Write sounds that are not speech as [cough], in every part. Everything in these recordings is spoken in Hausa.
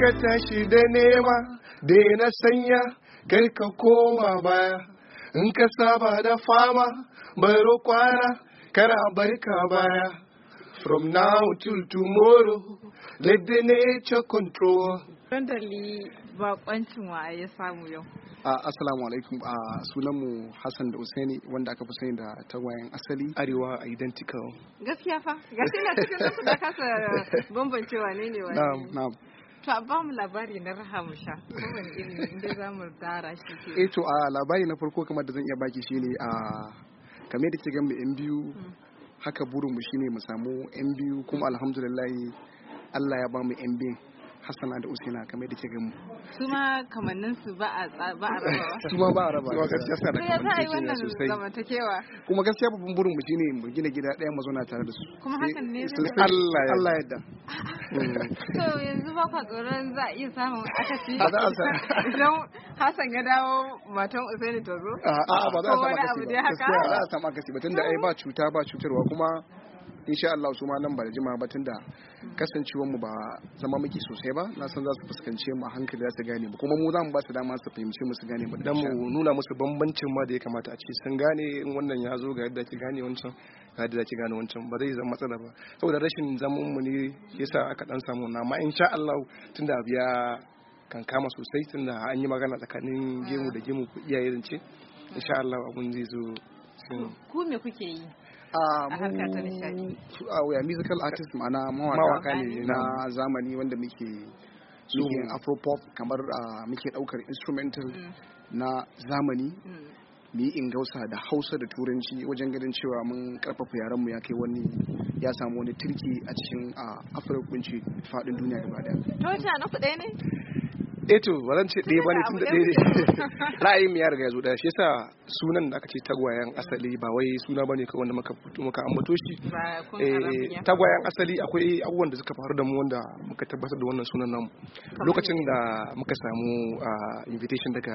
ka tashi da nema na sanya kar ka koma baya in ka saba da fama baro kwana kar a ka baya from now till tomorrow let the nature control dandali bakoncin wa ya samu yau ah, assalamu alaikum a ah, sunanmu hassan da usaini wanda aka fi sani da tagwayen asali arewa identical gaskiya fa gaskiya na cikin da kasa bambancewa ne ne wa Na na'am to a bamu labari na raha kowane sha inda za mu tara shi ke eh to a labari na farko kamar da zan iya baki shine a kamar da ke gan mu yan biyu hmm. haka burin mu shine mu samu yan biyu kuma hmm. alhamdulillah Allah ya bamu yan biyu hassana da usina kamar da ke mu su ma kamannin su ba a raba [laughs] su ma ba a raba gaskiya sa da kamannin su sai kuma gaskiya babban burin mu shine mu gina gida daya mu zauna tare da su kuma hakan ne Allah ya Allah yadda [laughs] to yanzu ba ka tsoron za a iya samun akasi idan Hassan ya dawo matan Usaini ta zo a a ba za a samu akasi ba gaskiya ba za a samu akasi ba tunda ai ba cuta ba cutarwa kuma insha Allah su ma nan ba da jima ba tunda kasancewar mu ba zama muke sosai ba na san za su fuskance mu a hankali za su gane mu kuma mu za mu ba su dama su fahimci mu su gane mu dan mu nuna musu bambancin ma da ya kamata a ce sun gane in wannan ya zo ga yadda ki gane wancan ga yadda ki gane wancan ba zai zama matsala ba saboda rashin zaman mu ne yasa aka dan samu na ma insha Allah tunda abu ya kan kama sosai tunda an yi magana tsakanin gemu da gemu iyaye zance insha Allah abun zai zo ku me kuke yi Um, a uh, musical artist ma'ana mawaka ne na zamani wanda muke yin afropop kamar uh, muke daukar instrumental mm. na zamani mm. mu yi ingausa da hausa da turanci wajen ganin cewa mun karfafa yaren mu ya kai wani ya samu wani turki a cikin uh, kunci fadin duniya gaba daya. Tota na kuɗaya ne? eto eh to ce ɗaya ba ne tun da ɗaya ne [laughs] ra'ayin ya riga ya zo da shi yasa sunan da aka ce tagwayen asali ba wai suna bane kawai wanda muka fito muka ambato shi eh, tagwayen asali akwai abubuwan da suka faru da mu wanda muka tabbatar da wannan sunan namu lokacin da muka samu invitation daga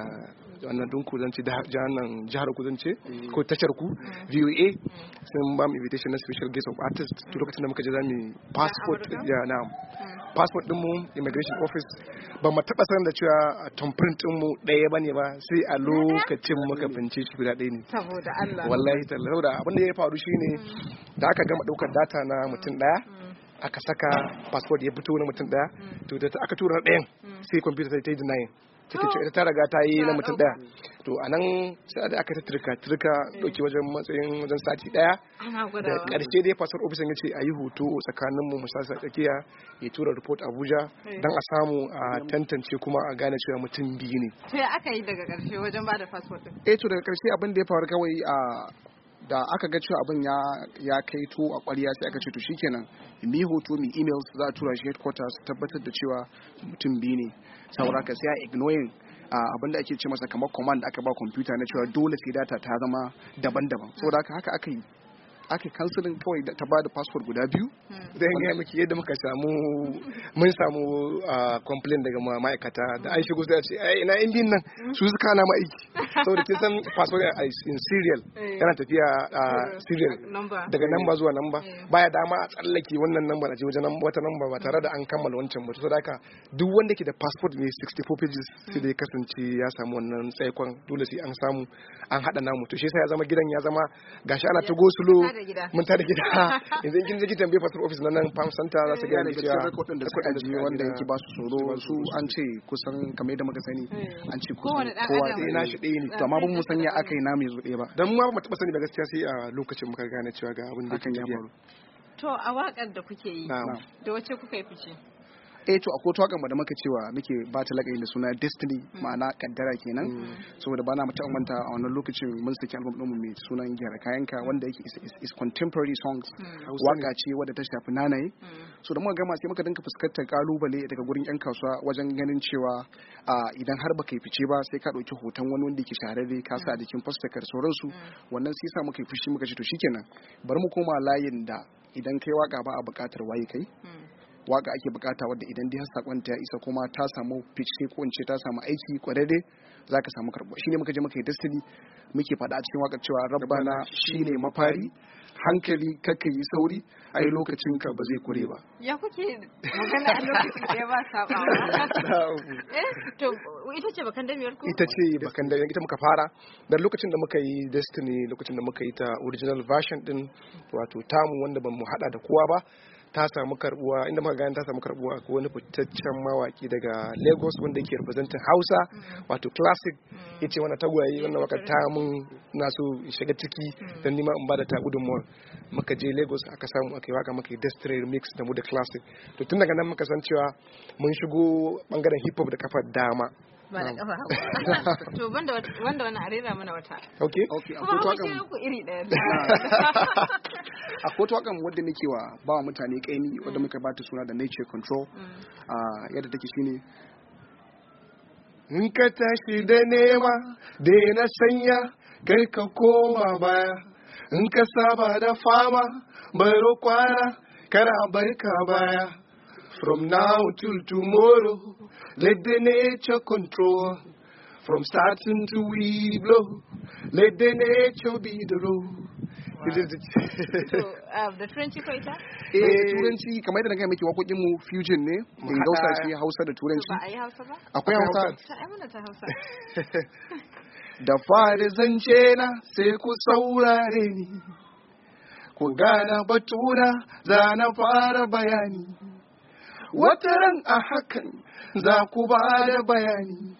wannan don ku zance jahannan jihar ku zance mm. ko tashar ku mm. VOA mm. sun ba mu invitation na special guest of artist lokacin da muka je za mu passport ya na'am passport dinmu immigration office ba mu taba sanin da cewa din mu ɗaya bane ba sai a lokacin muka bince shi guda ɗaya ne saboda Allah wallahi saboda abin da ya faru shine da aka gama ɗaukar data na mutum ɗaya aka saka passport ya fito na mutum ɗaya to da aka tura na ɗayan sai computer ta yi take ce oh. ta riga ta yi na mutum daya to a nan sai da aka tattirka tirka dauki wajen matsayin wajen sati daya da karshe dai fasar ofisin ya ce a yi hoto tsakanin mu musasa tsakiya ya tura report abuja eh. dan a samu a tantance kuma a gane cewa mutum biyu ne to ya aka yi daga karshe wajen ba da passport din eh to daga karshe abin da ya faru kawai a da aka ga cewa abin ya kai to a kwariya sai aka ce to shikenan mi hoto mi emails za a tura shi headquarters tabbatar da cewa mutum biyu ne saboda ka sai a ignoring abin da ake ce masa kamar command da aka ba computer na cewa dole sai data ta zama daban-daban saboda haka haka aka aka kansilin kawai ta bada da guda biyu hmm. zai gaya miki yadda muka samu mun samu complain daga ma'aikata da an shigo sai a ce ina indin nan su suka na ma'aiki saboda kin san password in serial eh. yana tafiya a eh, serial daga namba zuwa namba eh. baya dama a tsallake wannan namba na wajen wata namba ba tare da an kammala wancan ba saboda haka duk wanda ke da passport mai 64 pages sai da ya kasance ya samu wannan tsaikon dole sai an samu an hada namu to shi yasa ya zama gidan ya zama gashi ana ta gosulo mun tada gida [laughs] yanzu in kin je ki tambaye passport office na nan farm center za su ga ni cewa da suka wanda yake ba su tsoro su an ce kusan kamar yadda muka sani an ce kowa ɗaya nashi dalili to amma mu san ya aka yi na mai zuɗe ba dan mu ba taba sani da gaskiya sai a lokacin muka gane cewa ga abin da yake faru to a wakar da kuke yi da wace kuka yi fice eh to akwai wata waƙar da muka cewa muke ba ta lakabi da suna destiny ma'ana kaddara kenan mm. saboda bana mutum manta a wannan lokacin mun saki album mu mai sunan gyara kayanka wanda yake is contemporary songs mm. waka ce wadda ta shafi nanaye mm. so da muka gama sai muka dinka fuskantar kalubale daga gurin yan kasuwa wajen ganin cewa idan har baka yi fice ba sai ka ɗauki hoton wani wanda yake shahararre ka sa a jikin fastakar sauransu wannan sai sa muka yi fushi muka ce to shikenan bari mu koma layin da idan kai waka ba a bukatar waye kai waka ake bukata wadda idan dai har sakon ta isa kuma ta samu fice ko ince ta samu aiki kwararre zaka samu karbo shine muka je muka yi destiny muke faɗa a cikin waka cewa rabbana shine mafari hankali kaka yi sauri yi lokacin ka ba zai kure ba ya kuke magana a lokacin da ya ba saba [laughs] eh, to ita ce bakan miyar ku ita ce bakan da ita muka fara da lokacin da muka yi destiny lokacin da muka yi ta original version din wato tamu wanda ban mu hada da kowa ba ta samu karbuwa inda muka gani ta samu karbuwa ko wani fitaccen mawaki daga Lagos wanda yake representin Hausa mm. wato classic mm. yace wannan tagwaye wannan waka ta mun na so shiga ciki mm. dan nima in bada ta gudunmuwar muka je Lagos aka samu aka yi waka muka yi Destiny remix da mu da classic to tun daga nan muka san cewa mun shigo bangaren hip hop da kafa dama ba da kafa [laughs] to banda wanda wani arera mana wata okay kuma hausa ku iri daya [laughs] akwai wata wakan wadda nake wa ba mutane kaini wadda mm. muka ba ta suna da nature control mm. ah, yadda take shine in ka tashi da nema da na sanya kai ka koma baya in ka saba da fama baro kwara kar a barka baya From now till tomorrow, let the nature control. From starting to we blow, let the nature be the rule. Wow. so, um, [laughs] the Turanci ko ita? Eh, Turanci eh, kamar yadda na gaya miki waƙoƙin mu fusion ne, mun gausa shi Hausa da Turanci. Ba a yi Hausa ba? Akwai Hausa. Ta ai ta Hausa. [laughs] Da fari zance na sai ku saurare ni. Ku gana batuna za na fara bayani. wata ran a hakan za ku ba da bayani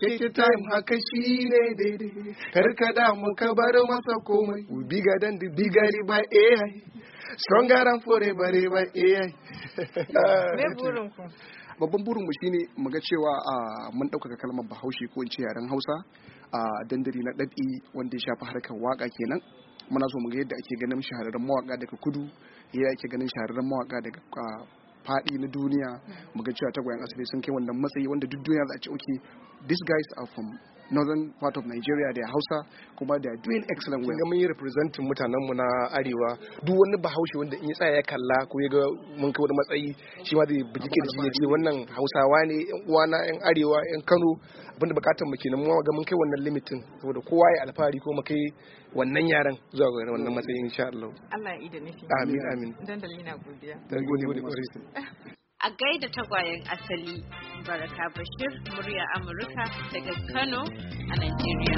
ke time haka shi ne daidai damu muka bar masa komai ga dan da bigari ba ai stronger and forever ba ai [laughs] me burin ku babban burin mu shine mu ga cewa mun ɗaukaka kalmar bahaushe ko in ce yaren hausa a dandali na ɗaɗi wanda ya shafi harkar waka kenan muna so mu ga yadda ake ganin shahararren mawaka daga kudu yadda ake ganin shahararren mawaka daga faɗi na duniya hmm. muga cewa tagwayen asali sun kai wannan matsayi wanda duk duniya za a ce okay these guys are from northern part of Nigeria da Hausa kuma they are doing excellent well. mun yi representing mutanen mu na arewa duk wani bahaushe wanda in ya tsaya ya kalla ko ya ga mun kai wani matsayi shi ma zai bigi da ya ce wannan Hausawa ne yan uwana yan arewa yan Kano abinda bukatar mu kenan mu ga mun kai wannan limitin saboda kowa ya alfahari ko mu kai wannan yaran zuwa ga wannan matsayi insha Allah. Allah ya ida nufi. Amin amin. Dandali na godiya. Dandali godiya. [laughs] a gaida tagwayen asali baraka bashir murya amurka daga kano a nigeria